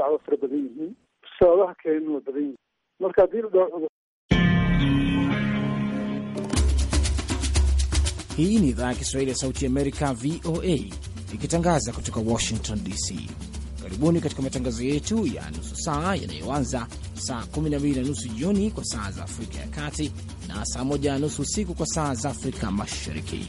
dhacdo fara badan yihiin sababaha keena waa badan yihiin marka haddii la dhaho Hii ni idhaa ya Kiswahili ya Sauti Amerika, VOA, ikitangaza kutoka Washington DC. Karibuni katika matangazo yetu ya nusu saa yanayoanza saa 12 na nusu jioni kwa saa za Afrika ya Kati na saa 1 na nusu usiku kwa saa za Afrika Mashariki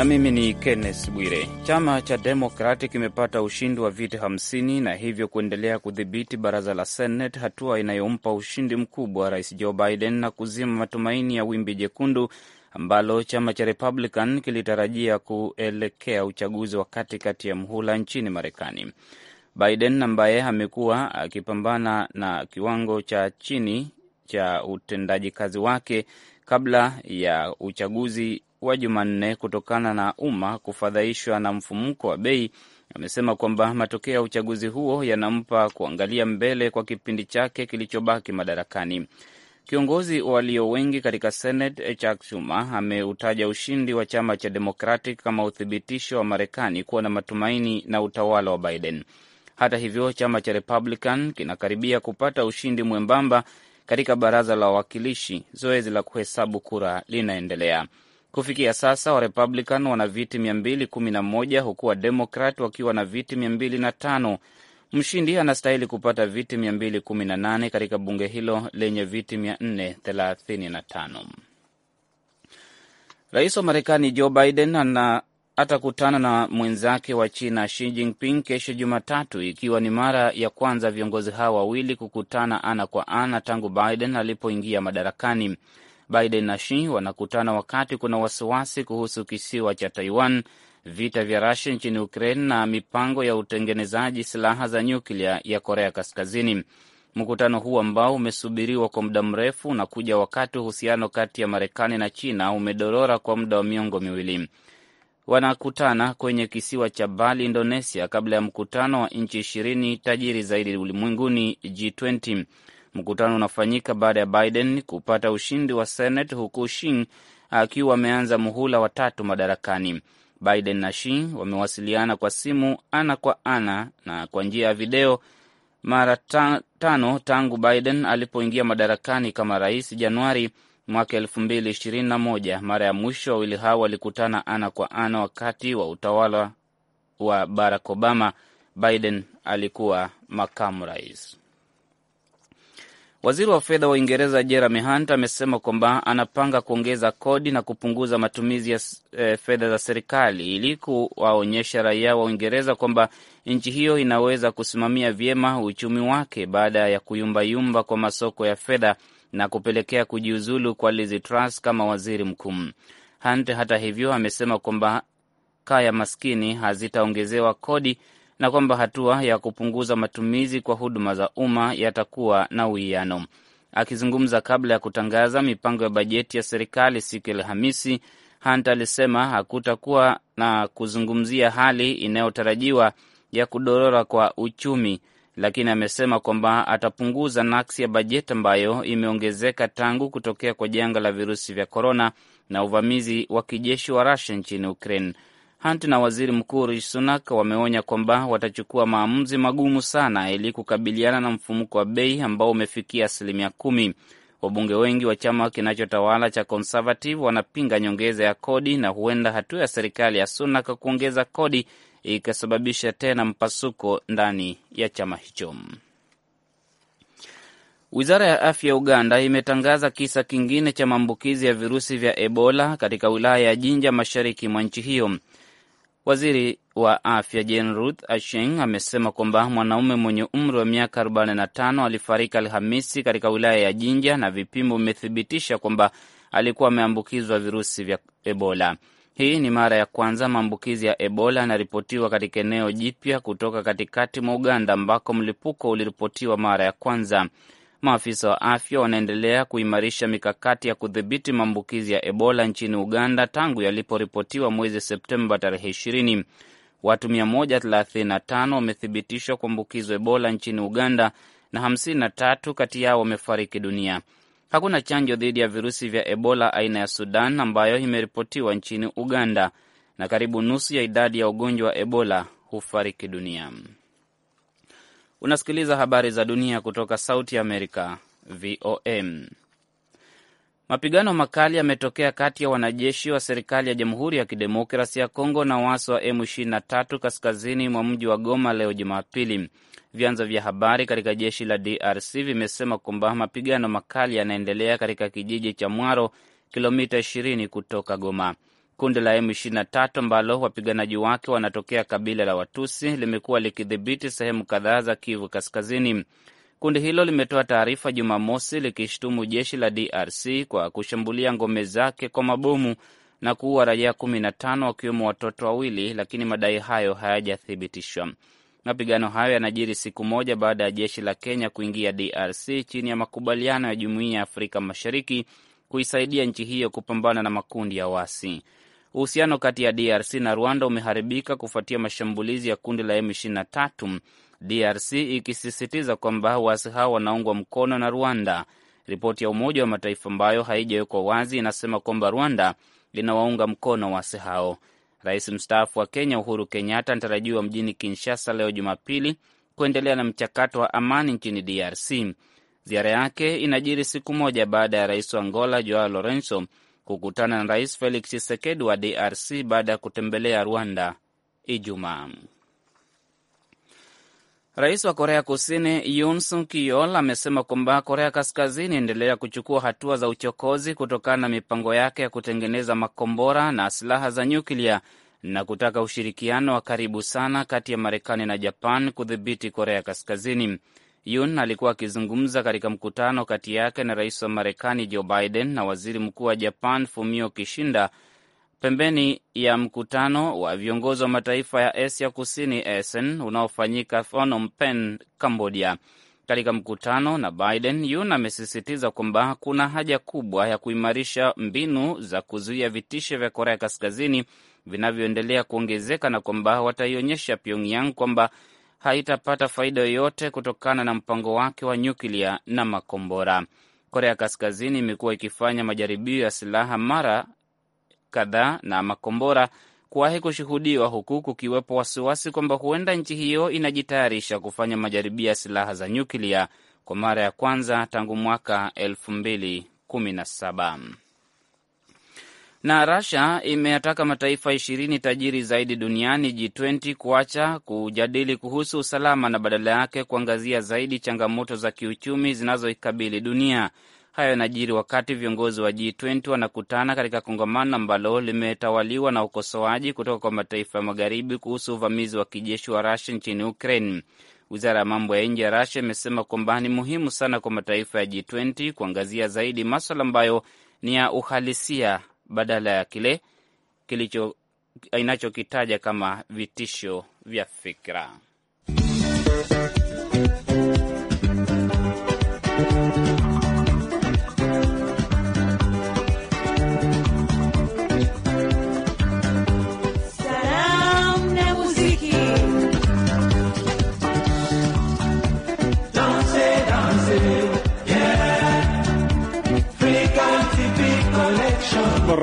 na mimi ni Kenneth Bwire. Chama cha demokrati kimepata ushindi wa viti 50 na hivyo kuendelea kudhibiti baraza la Senate, hatua inayompa ushindi mkubwa Rais Joe Biden na kuzima matumaini ya wimbi jekundu ambalo chama cha Republican kilitarajia kuelekea uchaguzi wa katikati ya mhula nchini Marekani. Biden ambaye amekuwa akipambana na kiwango cha chini cha utendaji kazi wake kabla ya uchaguzi wa Jumanne kutokana na umma kufadhaishwa na mfumuko wa bei, amesema kwamba matokeo ya uchaguzi huo yanampa kuangalia mbele kwa kipindi chake kilichobaki madarakani. Kiongozi walio wengi katika Senate Chuck Schumer ameutaja ushindi wa chama cha Democratic kama uthibitisho wa Marekani kuwa na matumaini na utawala wa Biden. Hata hivyo, chama cha Republican kinakaribia kupata ushindi mwembamba katika baraza la wawakilishi. Zoezi la kuhesabu kura linaendelea. Kufikia sasa Warepublican wana viti 211 huku Wademokrat wakiwa na viti 205. Mshindi anastahili kupata viti 218 katika bunge hilo lenye viti 435. Rais wa Marekani Joe Biden ana atakutana na mwenzake wa China Xi Jinping kesho Jumatatu, ikiwa ni mara ya kwanza viongozi hawa wawili kukutana ana kwa ana tangu Biden alipoingia madarakani. Biden na Xi wanakutana wakati kuna wasiwasi kuhusu kisiwa cha Taiwan, vita vya Rusia nchini Ukraine na mipango ya utengenezaji silaha za nyuklia ya Korea Kaskazini. Mkutano huu ambao umesubiriwa kwa muda mrefu unakuja wakati uhusiano kati ya Marekani na China umedorora kwa muda wa miongo miwili. Wanakutana kwenye kisiwa cha Bali, Indonesia, kabla ya mkutano wa nchi ishirini tajiri zaidi ulimwenguni G20. Mkutano unafanyika baada ya Biden kupata ushindi wa Senate huku Shin akiwa ameanza muhula wa tatu madarakani. Biden na Shi wamewasiliana kwa simu ana kwa ana na kwa njia ya video mara ta tano tangu Biden alipoingia madarakani kama rais Januari mwaka elfu mbili ishirini na moja. Mara ya mwisho wawili hao walikutana ana kwa ana wakati wa utawala wa Barack Obama. Biden alikuwa makamu rais. Waziri wa fedha wa Uingereza Jeremy Hunt amesema kwamba anapanga kuongeza kodi na kupunguza matumizi ya e, fedha za serikali ili kuwaonyesha raia wa Uingereza kwamba nchi hiyo inaweza kusimamia vyema uchumi wake baada ya kuyumbayumba kwa masoko ya fedha na kupelekea kujiuzulu kwa Liz Truss kama waziri mkuu. Hunt hata hivyo amesema kwamba kaya maskini hazitaongezewa kodi na kwamba hatua ya kupunguza matumizi kwa huduma za umma yatakuwa na uwiano. Akizungumza kabla ya kutangaza mipango ya bajeti ya serikali siku ya Alhamisi, Hunt alisema hakutakuwa na kuzungumzia hali inayotarajiwa ya kudorora kwa uchumi, lakini amesema kwamba atapunguza naksi ya bajeti ambayo imeongezeka tangu kutokea kwa janga la virusi vya korona na uvamizi wa kijeshi wa rasia nchini Ukraine. Hunt na waziri mkuu Rishi Sunak wameonya kwamba watachukua maamuzi magumu sana ili kukabiliana na mfumuko wa bei ambao umefikia asilimia kumi. Wabunge wengi wa chama kinachotawala cha Conservative wanapinga nyongeza ya kodi na huenda hatua ya serikali ya Sunak kuongeza kodi ikasababisha tena mpasuko ndani ya chama hicho. Wizara ya afya ya Uganda imetangaza kisa kingine cha maambukizi ya virusi vya Ebola katika wilaya ya Jinja, mashariki mwa nchi hiyo. Waziri wa afya Jane Ruth Acheng amesema kwamba mwanaume mwenye umri wa miaka 45 alifariki Alhamisi katika wilaya ya Jinja na vipimo vimethibitisha kwamba alikuwa ameambukizwa virusi vya Ebola. Hii ni mara ya kwanza maambukizi ya Ebola yanaripotiwa katika eneo jipya kutoka katikati mwa Uganda ambako mlipuko uliripotiwa mara ya kwanza. Maafisa wa afya wanaendelea kuimarisha mikakati ya kudhibiti maambukizi ya Ebola nchini Uganda tangu yaliporipotiwa mwezi Septemba tarehe 20. Watu 135 wamethibitishwa kuambukizwa Ebola nchini Uganda na 53 kati yao wamefariki dunia. Hakuna chanjo dhidi ya virusi vya Ebola aina ya Sudan ambayo imeripotiwa nchini Uganda, na karibu nusu ya idadi ya ugonjwa wa Ebola hufariki dunia. Unasikiliza habari za dunia kutoka Sauti Amerika, VOM. Mapigano makali yametokea kati ya wanajeshi wa serikali ya Jamhuri ya Kidemokrasi ya Kongo na waasi wa M23 kaskazini mwa mji wa Goma leo Jumapili. Vyanzo vya habari katika jeshi la DRC vimesema kwamba mapigano makali yanaendelea katika kijiji cha Mwaro, kilomita 20 kutoka Goma. Kundi la M23 ambalo wapiganaji wake wanatokea kabila la Watusi limekuwa likidhibiti sehemu kadhaa za Kivu Kaskazini. Kundi hilo limetoa taarifa Jumamosi likishtumu jeshi la DRC kwa kushambulia ngome zake kwa mabomu na kuua raia 15 wakiwemo watoto wawili, lakini madai hayo hayajathibitishwa. Mapigano hayo yanajiri siku moja baada ya jeshi la Kenya kuingia DRC chini ya makubaliano ya Jumuiya ya Afrika Mashariki kuisaidia nchi hiyo kupambana na makundi ya wasi. Uhusiano kati ya DRC na Rwanda umeharibika kufuatia mashambulizi ya kundi la M23, DRC ikisisitiza kwamba waasi hao wanaungwa mkono na Rwanda. Ripoti ya Umoja wa Mataifa ambayo haijawekwa wazi inasema kwamba Rwanda linawaunga mkono waasi hao. Rais mstaafu wa Kenya Uhuru Kenyatta anatarajiwa mjini Kinshasa leo Jumapili kuendelea na mchakato wa amani nchini DRC. Ziara yake inajiri siku moja baada ya rais wa Angola Joao Lorenzo kukutana na Rais Felix Tshisekedi wa DRC baada ya kutembelea Rwanda Ijumaa. Rais wa Korea Kusini Yoon Suk Yeol amesema kwamba Korea Kaskazini endelea kuchukua hatua za uchokozi kutokana na mipango yake ya kutengeneza makombora na silaha za nyuklia na kutaka ushirikiano wa karibu sana kati ya Marekani na Japan kudhibiti Korea Kaskazini. Yun alikuwa akizungumza katika mkutano kati yake na rais wa Marekani Joe Biden na waziri mkuu wa Japan Fumio Kishida pembeni ya mkutano wa viongozi wa mataifa ya Asia Kusini ASEAN unaofanyika Phnom Penh, Cambodia. Katika mkutano na Biden, Yun amesisitiza kwamba kuna haja kubwa ya kuimarisha mbinu za kuzuia vitisho vya Korea Kaskazini vinavyoendelea kuongezeka na kwamba wataionyesha Pyongyang kwamba haitapata faida yoyote kutokana na mpango wake wa nyuklia na makombora. Korea Kaskazini imekuwa ikifanya majaribio ya silaha mara kadhaa na makombora kuwahi kushuhudiwa, huku kukiwepo wasiwasi kwamba huenda nchi hiyo inajitayarisha kufanya majaribio ya silaha za nyuklia kwa mara ya kwanza tangu mwaka 2017 na Russia imeyataka mataifa ishirini tajiri zaidi duniani G20 kuacha kujadili kuhusu usalama na badala yake kuangazia zaidi changamoto za kiuchumi zinazoikabili dunia. Hayo yanajiri wakati viongozi wa G20 wanakutana katika kongamano ambalo limetawaliwa na ukosoaji kutoka kwa mataifa ya magharibi kuhusu uvamizi wa kijeshi wa Russia nchini Ukraine. Wizara ya mambo ya nje ya Russia imesema kwamba ni muhimu sana kwa mataifa ya G20 kuangazia zaidi maswala ambayo ni ya uhalisia badala ya kile kilicho inachokitaja kama vitisho vya fikra.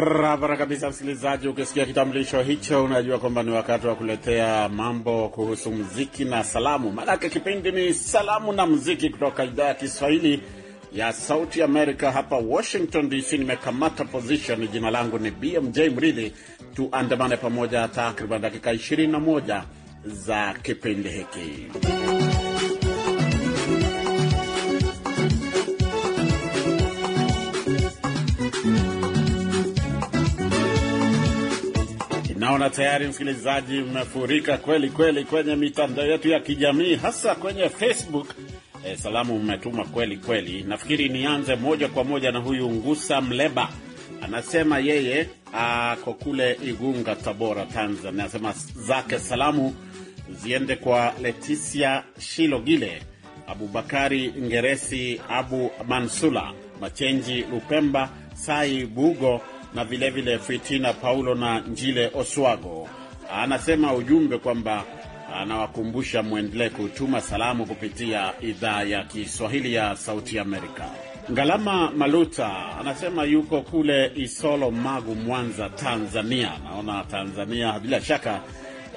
Barabara kabisa, msikilizaji, ukisikia kitambulisho hicho unajua kwamba ni wakati wa kuletea mambo kuhusu muziki na salamu. Maanake kipindi ni salamu na muziki kutoka idhaa ya Kiswahili ya Sauti Amerika hapa Washington DC. Nimekamata position, jina langu ni BMJ Mridhi. Tuandamane pamoja takriban dakika 21 za kipindi hiki. Naona tayari msikilizaji, mmefurika kweli kweli kwenye mitandao yetu ya kijamii, hasa kwenye Facebook. E, salamu mmetuma kweli kweli. Nafikiri nianze moja kwa moja na huyu Ngusa Mleba, anasema yeye ako kule Igunga, Tabora, Tanzania. Anasema zake salamu ziende kwa Leticia Shilogile, Abubakari Ngeresi, Abu Mansula Machenji, Lupemba Sai Bugo na vilevile vile Fitina Paulo na Njile Oswago. Anasema ujumbe kwamba anawakumbusha mwendelee kutuma salamu kupitia idhaa ya Kiswahili ya Sauti Amerika. Ngalama Maluta anasema yuko kule Isolo, Magu, Mwanza, Tanzania. Naona Tanzania bila shaka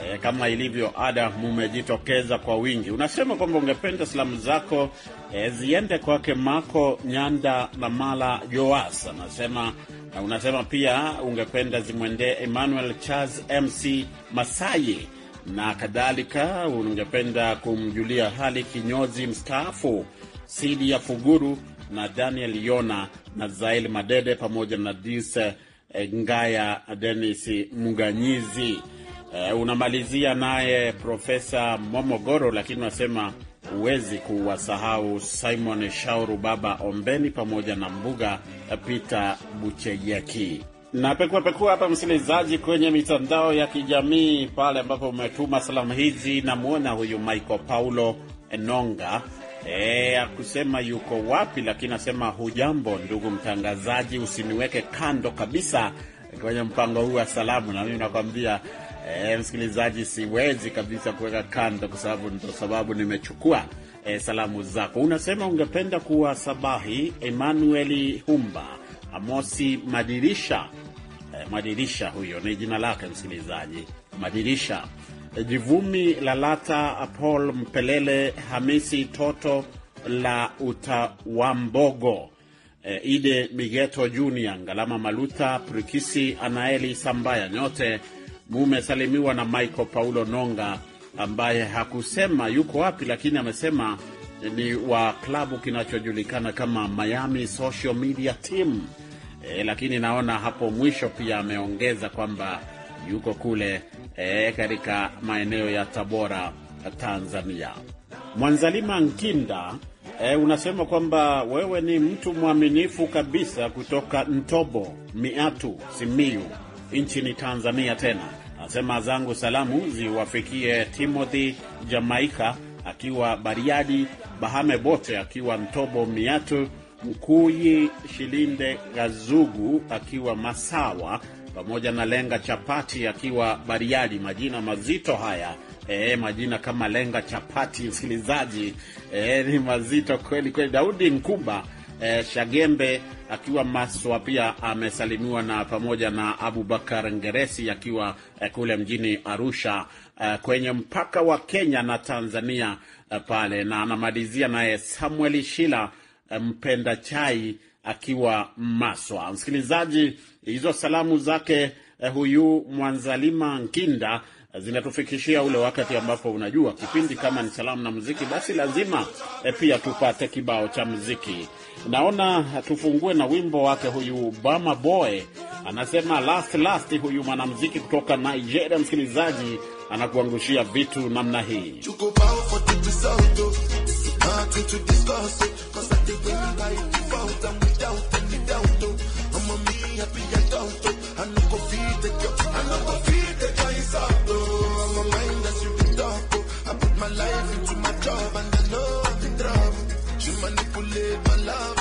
E, kama ilivyo ada mumejitokeza kwa wingi. Unasema kwamba ungependa salamu zako e, ziende kwake Mako Nyanda na Mala Joas, anasema na unasema pia ungependa zimwendee Emmanuel Charles Mc Masayi na kadhalika. Ungependa kumjulia hali kinyozi mstaafu Sidi ya Fuguru na Daniel Yona na Zail Madede pamoja na Dise Ngaya Denis Muganyizi Uh, unamalizia naye Profesa Momogoro, lakini unasema huwezi kuwasahau Simon Shauru, Baba Ombeni pamoja na Mbuga eh, Peter bucheyeki Na pekua pekua hapa, msikilizaji, kwenye mitandao ya kijamii pale ambapo umetuma salamu hizi, namwona huyu Michael Paulo Enonga e, akusema yuko wapi, lakini asema hujambo ndugu mtangazaji, usiniweke kando kabisa kwenye mpango huu wa salamu, na mimi nakwambia E, msikilizaji, siwezi kabisa kuweka kando, kwa sababu ndo sababu nimechukua e, salamu zako. Unasema ungependa kuwa sabahi Emmanueli Humba, Amosi Madirisha. E, Madirisha huyo ni jina lake msikilizaji, Madirisha e, Jivumi Lalata, Paul Mpelele, Hamisi Toto la Utawambogo, e, Ide Migeto Junior, Ngalama Maluta, Prikisi Anaeli Sambaya, nyote mumesalimiwa na Michael Paulo Nonga ambaye hakusema yuko wapi, lakini amesema ni wa klabu kinachojulikana kama Miami Social Media Team. E, lakini naona hapo mwisho pia ameongeza kwamba yuko kule e, katika maeneo ya Tabora, Tanzania. Mwanzalima Nkinda e, unasema kwamba wewe ni mtu mwaminifu kabisa kutoka Ntobo Miatu, Simiyu nchini Tanzania tena. Nasema zangu salamu ziwafikie Timothy Jamaika akiwa Bariadi, Bahame Bote akiwa Mtobo Miatu, Mkuyi Shilinde Gazugu akiwa Masawa, pamoja na Lenga Chapati akiwa Bariadi. Majina mazito haya. E, majina kama Lenga Chapati, msikilizaji, e, ni mazito kweli kweli. Daudi nkuba e, Shagembe akiwa Maswa pia amesalimiwa na pamoja na Abubakar Ngeresi akiwa eh, kule mjini Arusha eh, kwenye mpaka wa Kenya na Tanzania eh, pale, na anamalizia naye Samuel Shila mpenda chai akiwa Maswa. Msikilizaji, hizo salamu zake Eh, huyu Mwanzalima Nkinda eh, zinatufikishia ule wakati ambapo unajua kipindi kama ni salamu na muziki, basi lazima e, pia tupate kibao cha muziki. Naona tufungue na wimbo wake huyu Bama Boy, anasema last last. Huyu mwanamuziki kutoka Nigeria, msikilizaji, anakuangushia vitu namna hii. and I know I'm in trouble. You manipulate my love.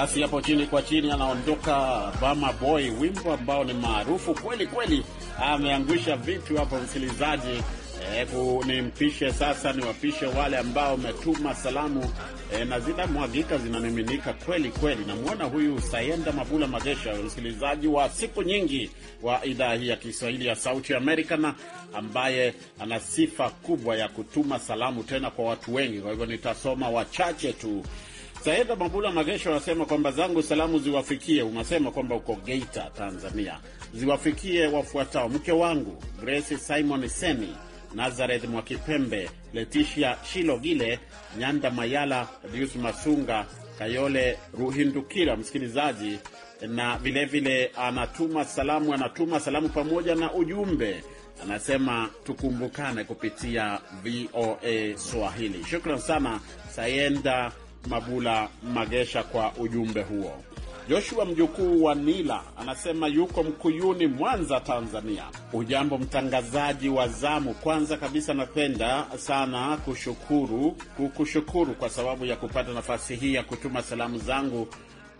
Basi hapo chini kwa chini anaondoka Bama Boy, wimbo ambao ni maarufu kweli kweli. Ameangusha vitu hapo, msikilizaji. E, nimpishe sasa, niwapishe wale ambao umetuma salamu e, na zinamwagika zinamiminika kweli kweli. Namwona huyu Sayenda Mabula Magesha, msikilizaji wa siku nyingi wa idhaa hii ya Kiswahili ya Sauti Amerika, na ambaye ana sifa kubwa ya kutuma salamu tena kwa watu wengi. Kwa hivyo nitasoma wachache tu. Saeda Mabula Magesho anasema kwamba zangu salamu ziwafikie, unasema kwamba uko Geita, Tanzania, ziwafikie wafuatao: mke wangu Grace Simon Semi, Nazareth Mwakipembe, Leticia Shilogile, Nyanda Mayala, Dius Masunga, Kayole Ruhindukira, msikilizaji na vilevile vile anatuma salamu, anatuma salamu pamoja na ujumbe, anasema tukumbukane kupitia VOA Swahili. Shukran sana Sayenda Mabula Magesha kwa ujumbe huo. Joshua mjukuu wa Nila anasema yuko Mkuyuni, Mwanza, Tanzania. Ujambo mtangazaji wa zamu. Kwanza kabisa napenda sana kushukuru kukushukuru kwa sababu ya kupata nafasi hii ya kutuma salamu zangu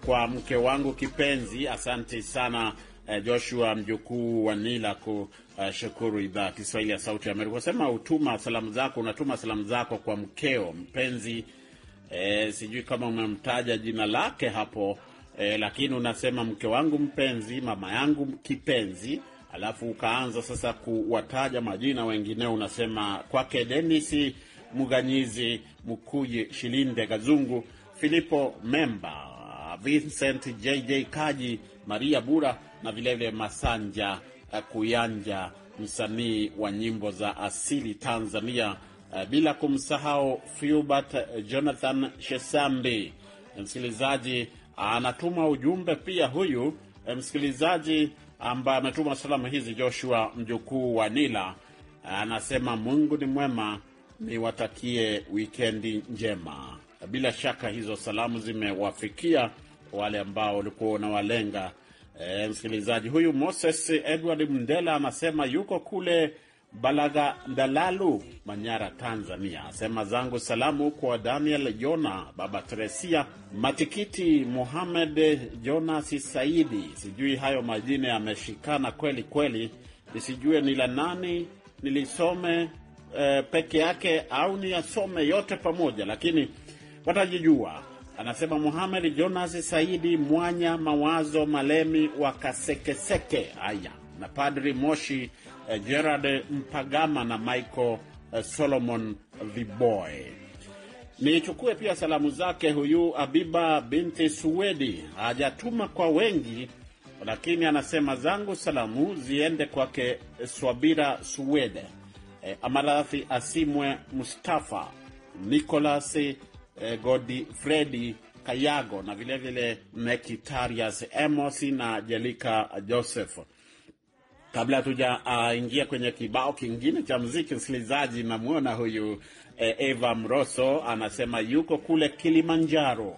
kwa mke wangu kipenzi. Asante sana eh, Joshua mjukuu wa Nila kushukuru idhaa ya Kiswahili ya Sauti ya Amerika. Sema utuma salamu zako, unatuma salamu zako kwa mkeo mpenzi e, sijui kama umemtaja jina lake hapo e, lakini unasema mke wangu mpenzi, mama yangu kipenzi, alafu ukaanza sasa kuwataja majina wengineo, unasema kwake Denis Muganyizi, Mkuji, Shilinde, Gazungu, Filipo Memba, Vincent JJ Kaji, Maria Bura na vilevile Masanja Kuyanja, msanii wa nyimbo za asili Tanzania Uh, bila kumsahau Filbert uh, Jonathan Shesambi. Uh, msikilizaji anatuma ujumbe pia, huyu msikilizaji ambaye ametuma salamu hizi, Joshua mjukuu wa Nila, anasema Mungu ni mwema, niwatakie wikendi njema. Bila shaka hizo salamu zimewafikia wale ambao walikuwa unawalenga. E, msikilizaji huyu Moses Edward Mndela anasema yuko kule Balaga Ndalalu, Manyara, Tanzania, asema zangu salamu kwa Daniel Jona, Baba Tresia Matikiti, Muhamed Jonasi Saidi. Sijui hayo majina yameshikana kweli kweli, nisijue ni la nani, nilisome e, peke yake au niyasome yote pamoja, lakini watajijua. Anasema Muhamed Jonas Saidi Mwanya Mawazo Malemi wa Kasekeseke. Haya, na Padri Moshi Eh, Gerard Mpagama na Michael eh, Solomon Viboy. Nichukue pia salamu zake huyu Abiba binti Suwedi, hajatuma kwa wengi, lakini anasema zangu salamu ziende kwake eh, Swabira Suwede, e, Amarathi Asimwe, Mustafa Nicolas, e, Godifredi Kayago na vilevile Mekitarias Emosi na Jelika Joseph. Kabla hatujaingia uh, kwenye kibao kingine cha mziki, msikilizaji, namwona huyu eh, Eva Mroso anasema yuko kule Kilimanjaro,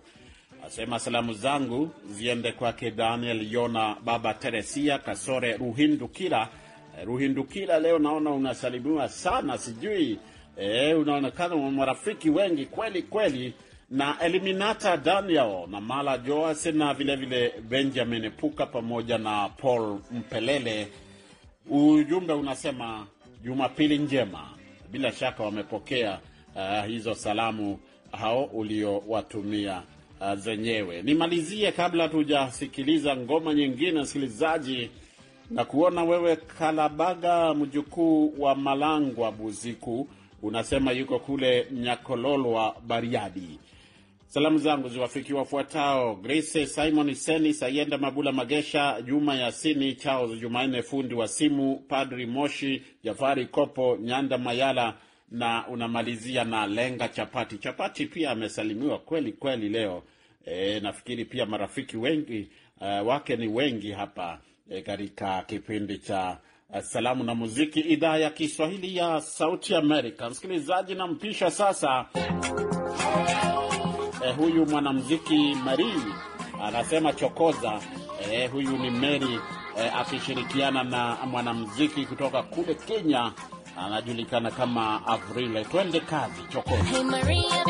asema salamu zangu ziende kwake Daniel Yona, Baba Teresia Kasore Ruhindukira. Eh, Ruhindukira, leo naona unasalimiwa sana, sijui eh, unaonekana marafiki wengi kweli kweli na Eliminata Daniel na Mala Joas na vilevile Benjamin Puka pamoja na Paul Mpelele Ujumbe unasema Jumapili njema. Bila shaka wamepokea uh, hizo salamu hao uliowatumia uh, zenyewe. Nimalizie kabla tujasikiliza ngoma nyingine, msikilizaji, na kuona wewe Kalabaga, mjukuu wa Malangwa Buziku, unasema yuko kule Nyakololwa, Bariadi. Salamu zangu ziwafikie wafuatao: Grace Simon Seni, Sayenda Mabula Magesha, Juma Yasini, Charles Jumanne fundi wa simu, Padri Moshi, Jafari Kopo, Nyanda Mayala na unamalizia na Lenga Chapati. Chapati pia amesalimiwa kweli kweli leo. E, nafikiri pia marafiki wengi uh, wake ni wengi hapa e, katika kipindi cha uh, salamu na muziki, idhaa ya Kiswahili ya Sauti Amerika. Msikilizaji, nampisha sasa eh, huyu mwanamuziki Marii anasema chokoza. Eh, huyu ni Mary eh, akishirikiana na mwanamuziki kutoka kule Kenya anajulikana kama Avril. Twende kazi, chokoza. Hey Maria,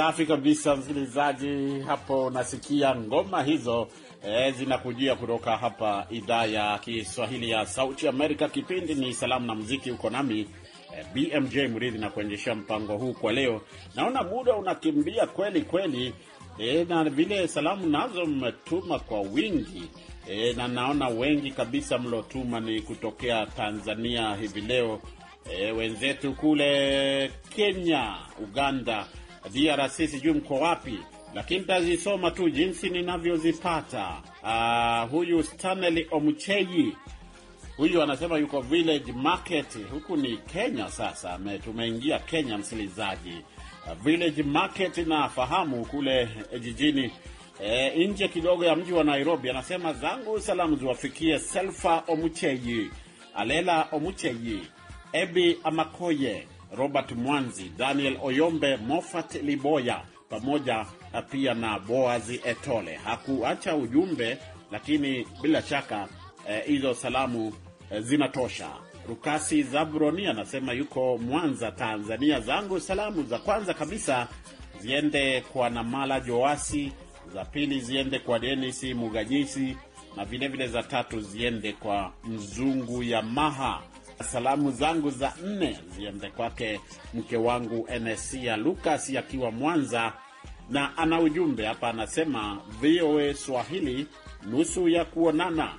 Safi kabisa, msikilizaji, hapo unasikia ngoma hizo e, zinakujia kutoka hapa idhaa ya Kiswahili ya Sauti Amerika. Kipindi ni Salamu na Muziki, uko nami e, BMJ Mridhi na kuendesha mpango huu kwa leo. Naona muda unakimbia kweli kweli, e, na vile salamu nazo mmetuma kwa wingi e, na naona wengi kabisa mlotuma ni kutokea Tanzania hivi leo e, wenzetu kule Kenya, Uganda DRC sijui mko wapi, lakini tazisoma tu jinsi ninavyozipata. Uh, huyu Stanley Omucheji huyu anasema yuko village market, huku ni Kenya. Sasa tumeingia Kenya, msikilizaji. Uh, village market nafahamu kule eh, jijini E, nje kidogo ya mji wa Nairobi. Anasema zangu salamu ziwafikie Selfa Omucheji, Alela Omucheji, Ebi Amakoye, Robert Mwanzi, Daniel Oyombe, Moffat Liboya pamoja pia na Boazi Etole. Hakuacha ujumbe, lakini bila shaka eh, hizo eh, salamu eh, zinatosha. Rukasi Zabroni anasema yuko Mwanza, Tanzania. Zangu salamu za kwanza kabisa ziende kwa Namala Joasi, za pili ziende kwa Denisi Muganyisi na vilevile vile za tatu ziende kwa Mzungu Yamaha Salamu zangu za nne ziende kwake mke wangu ya lukas akiwa Mwanza, na ana ujumbe hapa, anasema VOA Swahili nusu ya kuonana.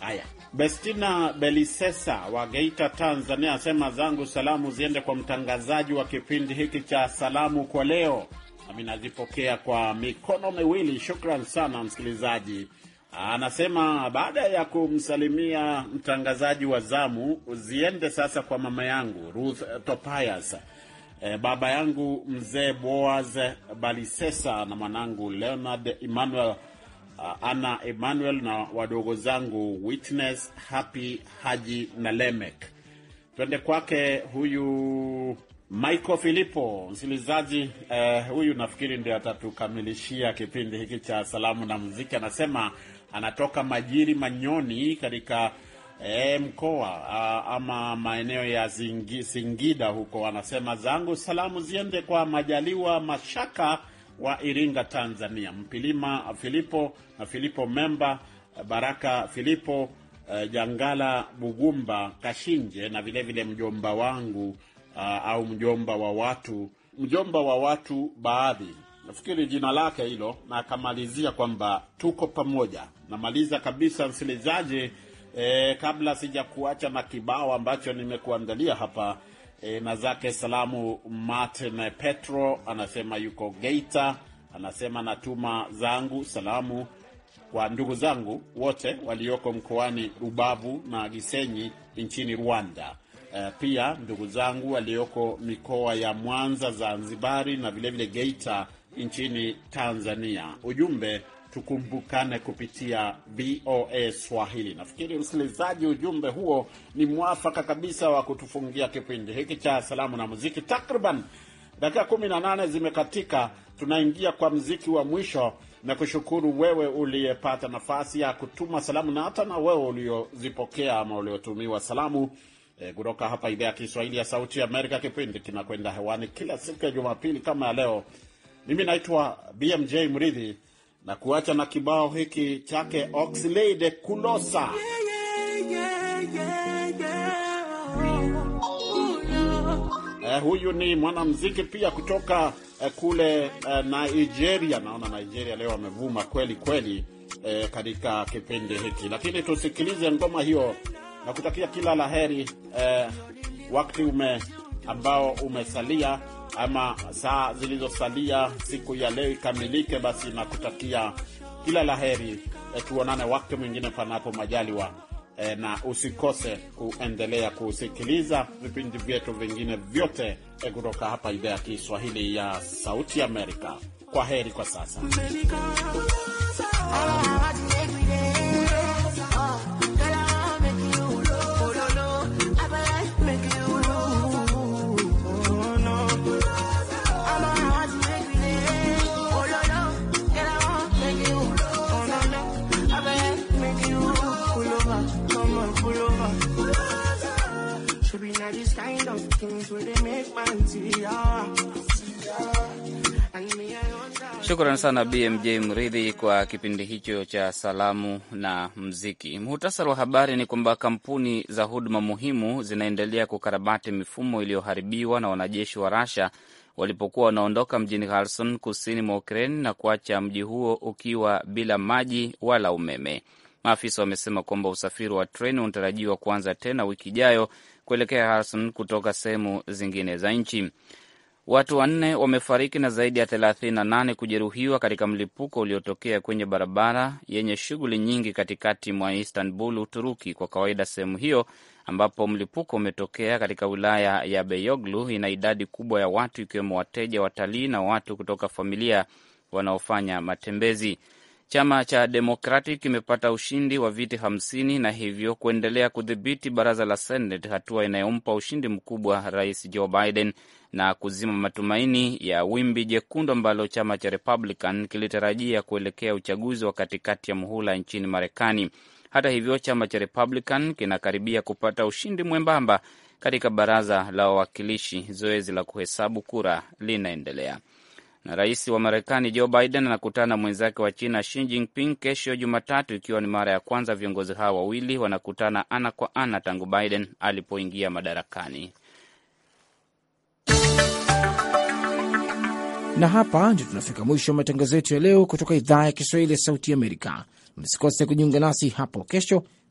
Haya, Bestina Belisesa wa Geita, Tanzania asema zangu salamu ziende kwa mtangazaji wa kipindi hiki cha salamu kwa leo. Nami nazipokea kwa mikono miwili. Shukran sana msikilizaji Anasema baada ya kumsalimia mtangazaji wa zamu, ziende sasa kwa mama yangu Ruth Topias, e, baba yangu mzee Boaz Balisesa na mwanangu Leonard Emmanuel, Ana Emmanuel na wadogo zangu Witness, Happy, Haji na Lemek. Twende kwake huyu Michael Filipo msikilizaji Uh, huyu nafikiri ndio atatukamilishia kipindi hiki cha salamu na muziki. Anasema anatoka Majiri Manyoni katika e, mkoa a, ama maeneo ya zingi, Singida huko, anasema zangu salamu ziende kwa Majaliwa Mashaka wa Iringa Tanzania, Mpilima Filipo na Filipo Memba, Baraka Filipo e, Jangala Bugumba Kashinje na vile vile mjomba wangu a, au mjomba wa watu mjomba wa watu baadhi nafikiri jina lake hilo, na akamalizia kwamba tuko pamoja. Namaliza kabisa msikilizaji, e, kabla sijakuacha na kibao ambacho nimekuandalia hapa e, na zake salamu. Martin Petro anasema yuko Geita, anasema natuma zangu salamu kwa ndugu zangu wote walioko mkoani Rubavu na Gisenyi nchini Rwanda. E, pia ndugu zangu walioko mikoa ya Mwanza, Zanzibari na vilevile vile Geita nchini Tanzania. Ujumbe tukumbukane kupitia VOA Swahili. Nafikiri msikilizaji, ujumbe huo ni mwafaka kabisa wa kutufungia kipindi hiki cha salamu na muziki. Takriban dakika kumi na nane zimekatika, tunaingia kwa mziki wa mwisho na kushukuru wewe uliyepata nafasi ya kutuma salamu na hata na wewe uliozipokea ama uliotumiwa salamu eh, kutoka e, hapa idhaa ya Kiswahili ya Sauti ya Amerika. Kipindi kinakwenda hewani kila siku ya Jumapili kama ya leo mimi naitwa BMJ Mridhi na kuacha na kibao hiki chake Oxlade Kulosa. Eh, huyu ni mwanamuziki pia kutoka eh, kule eh, Nigeria. Naona Nigeria leo amevuma kweli kweli eh, katika kipindi hiki, lakini tusikilize ngoma hiyo na kutakia kila la heri eh, wakati ume ambao umesalia ama saa zilizosalia siku ya leo ikamilike, basi nakutakia kila la heri. E, tuonane wakati mwingine panapo majaliwa e, na usikose kuendelea kusikiliza vipindi vyetu vingine vyote e, kutoka hapa idhaa ya Kiswahili ya Sauti Amerika. Kwa heri kwa sasa. these kind of things where they make man see ah. ya. Shukran sana BMJ Mridhi kwa kipindi hicho cha salamu na mziki. Muhtasari wa habari ni kwamba kampuni za huduma muhimu zinaendelea kukarabati mifumo iliyoharibiwa na wanajeshi wa Rasha walipokuwa wanaondoka mjini Kherson, kusini mwa Ukraine, na kuacha mji huo ukiwa bila maji wala umeme. Maafisa wamesema kwamba usafiri wa treni unatarajiwa kuanza tena wiki ijayo kuelekea harrison kutoka sehemu zingine za nchi. Watu wanne wamefariki na zaidi ya 38 kujeruhiwa katika mlipuko uliotokea kwenye barabara yenye shughuli nyingi katikati mwa Istanbul, Uturuki. Kwa kawaida, sehemu hiyo ambapo mlipuko umetokea katika wilaya ya Beyoglu ina idadi kubwa ya watu, ikiwemo wateja, watalii na watu kutoka familia wanaofanya matembezi. Chama cha Democratic kimepata ushindi wa viti 50 na hivyo kuendelea kudhibiti baraza la Senate, hatua inayompa ushindi mkubwa Rais Joe Biden na kuzima matumaini ya wimbi jekundu ambalo chama cha Republican kilitarajia kuelekea uchaguzi wa katikati ya muhula nchini Marekani. Hata hivyo, chama cha Republican kinakaribia kupata ushindi mwembamba katika baraza la wawakilishi. Zoezi la kuhesabu kura linaendelea na rais wa Marekani Joe Biden anakutana na mwenzake wa China Xi Jinping kesho Jumatatu, ikiwa ni mara ya kwanza viongozi hao wawili wanakutana ana kwa ana tangu Biden alipoingia madarakani. Na hapa ndio tunafika mwisho wa matangazo yetu ya leo kutoka idhaa ya Kiswahili ya Sauti Amerika. Msikose kujiunga nasi hapo kesho